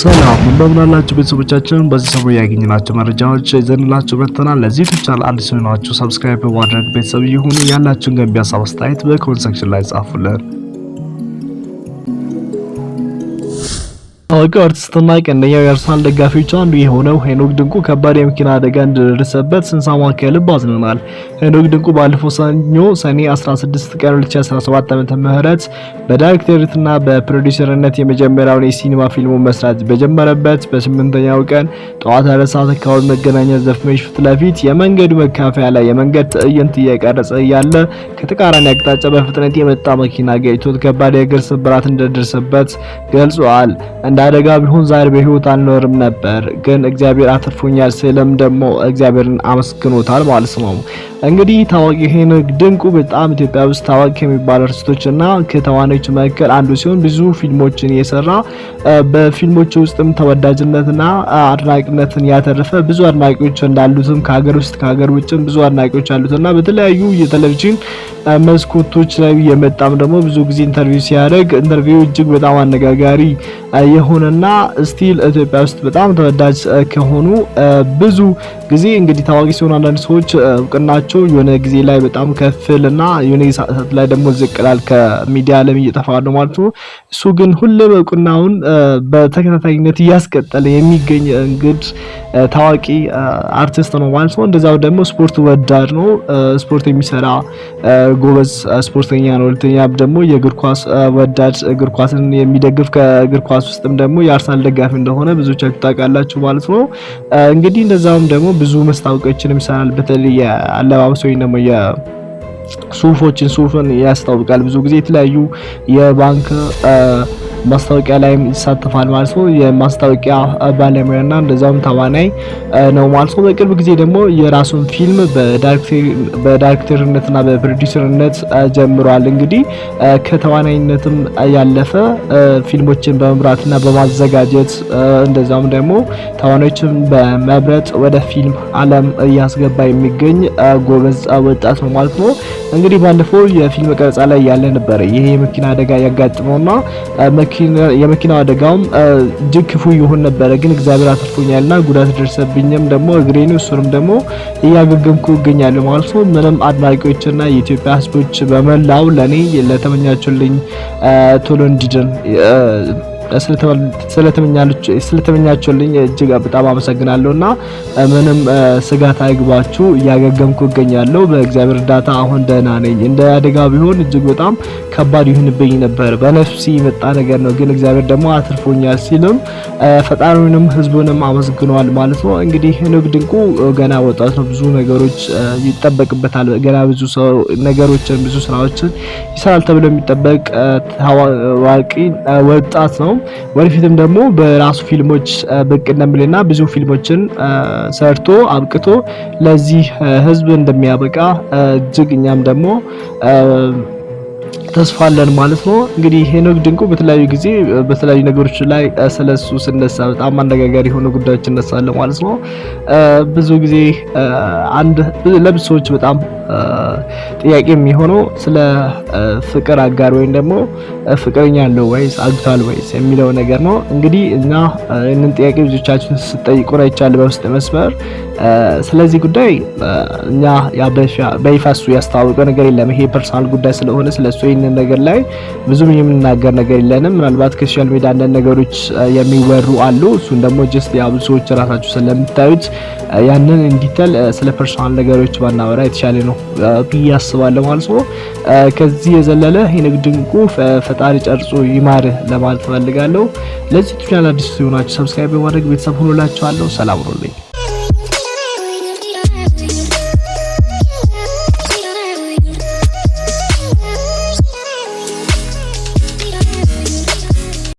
ሰላም እንደምናላችሁ ቤተሰቦቻችን፣ በዚህ ሰሞን ያገኘናቸው መረጃዎች ይዘንላችሁ መጥተናል። ለዚህ ቻናል አዲስ ሆናችሁ ሰብስክራይብ በማድረግ ቤተሰብ ይሁኑ። ያላችሁን ገንቢ ሀሳብ አስተያየት በኮሜንት ሴክሽን ላይ ጻፉልን። ታዋቂው አርቲስትና ቀንደኛው የአርሰናል ደጋፊዎች አንዱ የሆነው ሄኖክ ድንቁ ከባድ የመኪና አደጋ እንደደረሰበት ስንሰማ ከልብ አዝነናል። ሄኖክ ድንቁ ባለፈው ሰኞ ሰኔ 16 ቀን 2017 ዓመተ ምህረት በዳይሬክተርነትና በፕሮዲውሰርነት የመጀመሪያውን የሲኒማ ፊልሙ መስራት በጀመረበት በስምንተኛው ቀን ጠዋት አራት አካባቢ መገናኛ ዘፍመሽ ፊት ለፊት የመንገዱ መካፈያ ላይ የመንገድ ትዕይንት እየቀረጸ እያለ ከተቃራኒ አቅጣጫ በፍጥነት የመጣ መኪና ገጭቶት ከባድ የእግር ስብራት እንደደረሰበት ገልጿል። አደጋ ቢሆን ዛሬ በህይወት አልኖርም ነበር፣ ግን እግዚአብሔር አትርፎኛል ስለም ደግሞ እግዚአብሔርን አመስግኖታል ማለት ነው። እንግዲህ ታዋቂ ሄኖክ ድንቁ በጣም ኢትዮጵያ ውስጥ ታዋቂ ከሚባሉ አርቲስቶችና ከተዋናዮች መካከል አንዱ ሲሆን ብዙ ፊልሞችን የሰራ በፊልሞች ውስጥም ተወዳጅነትና አድናቂነትን ያተረፈ ብዙ አድናቂዎች እንዳሉትም ከሀገር ውስጥ ከሀገር ውጭም ብዙ አድናቂዎች አሉትና በተለያዩ የቴሌቪዥን መስኮቶች ላይ የመጣም ደግሞ ብዙ ጊዜ ኢንተርቪው ሲያደርግ ኢንተርቪው እጅግ በጣም አነጋጋሪ የሆነና ስቲል ኢትዮጵያ ውስጥ በጣም ተወዳጅ ከሆኑ ብዙ ጊዜ እንግዲህ ታዋቂ ሲሆን አንዳንድ ሰዎች እውቅናቸው ናቸው። የሆነ ጊዜ ላይ በጣም ከፍል እና የሆነ ሰዓት ላይ ደግሞ ዝቅላል ከሚዲያ ዓለም እየጠፋ ነው ማለት ነው። እሱ ግን ሁሌ በቁናውን በተከታታይነት እያስቀጠለ የሚገኝ እንግዲህ ታዋቂ አርቲስት ነው ማለት ነው። እንደዛው ደግሞ ስፖርት ወዳድ ነው። ስፖርት የሚሰራ ጎበዝ ስፖርተኛ ነው። ሁለተኛ ደግሞ የእግር ኳስ ወዳድ እግር ኳስን የሚደግፍ ከእግር ኳስ ውስጥም ደግሞ የአርሰናል ደጋፊ እንደሆነ ብዙዎቻችሁ ታውቃላችሁ ማለት ነው። እንግዲህ እንደዛውም ደግሞ ብዙ መስታወቂያዎችንም ይሰራል በተለይ አለባበስ ወይም ደግሞ የሱፎችን ሱፍን ያስታውቃል። ብዙ ጊዜ የተለያዩ የባንክ ማስታወቂያ ላይም ይሳተፋል ማለት ነው። የማስታወቂያ ባለሙያና እንደዛውም ተዋናይ ነው ማለት ነው። በቅርብ ጊዜ ደግሞ የራሱን ፊልም በዳይሬክተርነትና በፕሮዲሰርነት ጀምሯል። እንግዲህ ከተዋናይነትም ያለፈ ፊልሞችን በመምራትና በማዘጋጀት እንደዛውም ደግሞ ተዋናዮችን በመብረጥ ወደ ፊልም ዓለም እያስገባ የሚገኝ ጎበዝ ወጣት ነው ማለት ነው። እንግዲህ ባለፈው የፊልም ቀረጻ ላይ ያለ ነበረ ይሄ የመኪና አደጋ ያጋጥመውና የመኪና አደጋውም እጅግ ክፉ ይሁን ነበረ፣ ግን እግዚአብሔር አትርፎኛልና ጉዳት ደርሰብኝም ደግሞ እግሬን እሱንም ደግሞ እያገገምኩ እገኛለሁ ማለት ነው። ምንም አድናቂዎችና የኢትዮጵያ ሕዝቦች በመላው ለእኔ ለተመኛችሁልኝ ቶሎ እንዲድን ስለተመኛችሁልኝ እጅግ በጣም አመሰግናለሁ እና ምንም ስጋት አይግባችሁ፣ እያገገምኩ እገኛለሁ። በእግዚአብሔር እርዳታ አሁን ደህና ነኝ። እንደ አደጋ ቢሆን እጅግ በጣም ከባድ ይሁንብኝ ነበር። በነፍሲ የመጣ ነገር ነው፣ ግን እግዚአብሔር ደግሞ አትርፎኛል ሲልም ፈጣሪውንም ህዝቡንም አመስግኗል ማለት ነው። እንግዲህ ሄኖክ ድንቁ ገና ወጣት ነው። ብዙ ነገሮች ይጠበቅበታል። ገና ብዙ ሰው ነገሮችን ብዙ ስራዎችን ይሰራል ተብሎ የሚጠበቅ ታዋቂ ወጣት ነው። ወደፊትም ደግሞ በራሱ ፊልሞች ብቅ እንደሚልና ብዙ ፊልሞችን ሰርቶ አብቅቶ ለዚህ ህዝብ እንደሚያበቃ እጅግ እኛም ደግሞ ተስፋ አለን ማለት ነው። እንግዲህ ሄኖክ ድንቁ በተለያዩ ጊዜ በተለያዩ ነገሮች ላይ ስለሱ ስነሳ በጣም አነጋጋሪ የሆኑ ጉዳዮች እነሳለን ማለት ነው። ብዙ ጊዜ አንድ ለብዙ ሰዎች በጣም ጥያቄ የሚሆነው ስለ ፍቅር አጋር ወይም ደግሞ ፍቅረኛ አለው ወይስ አግቷል ወይስ የሚለው ነገር ነው። እንግዲህ እና ይህንን ጥያቄ ብዙቻችን ስጠይቁን ይቻል በውስጥ መስመር። ስለዚህ ጉዳይ እኛ በይፋ እሱ ያስተዋወቀው ነገር የለም። ይሄ ፐርሰናል ጉዳይ ስለሆነ ስለሱ ይህንን ነገር ላይ ብዙም የምንናገር ነገር የለንም። ምናልባት ከሶሻል ሚዲያ አንዳንድ ነገሮች የሚወሩ አሉ። እሱን ደግሞ ጀስት ብዙ ሰዎች ራሳችሁ ስለምታዩት ያንን እንዲተል ስለ ፐርሰናል ነገሮች ባናወራ የተሻለ ነው ነው ብዬ አስባለሁ ማለት ነው። ከዚህ የዘለለ የንግድ ድንቁ ፈጣሪ ጨርጾ ይማር ለማለት ፈልጋለሁ። ለዚህ ቻናል አዲስ ሲሆናችሁ ሰብስክራይብ በማድረግ ቤተሰብ ሁኑላችኋለሁ። ሰላም ሁኑልኝ።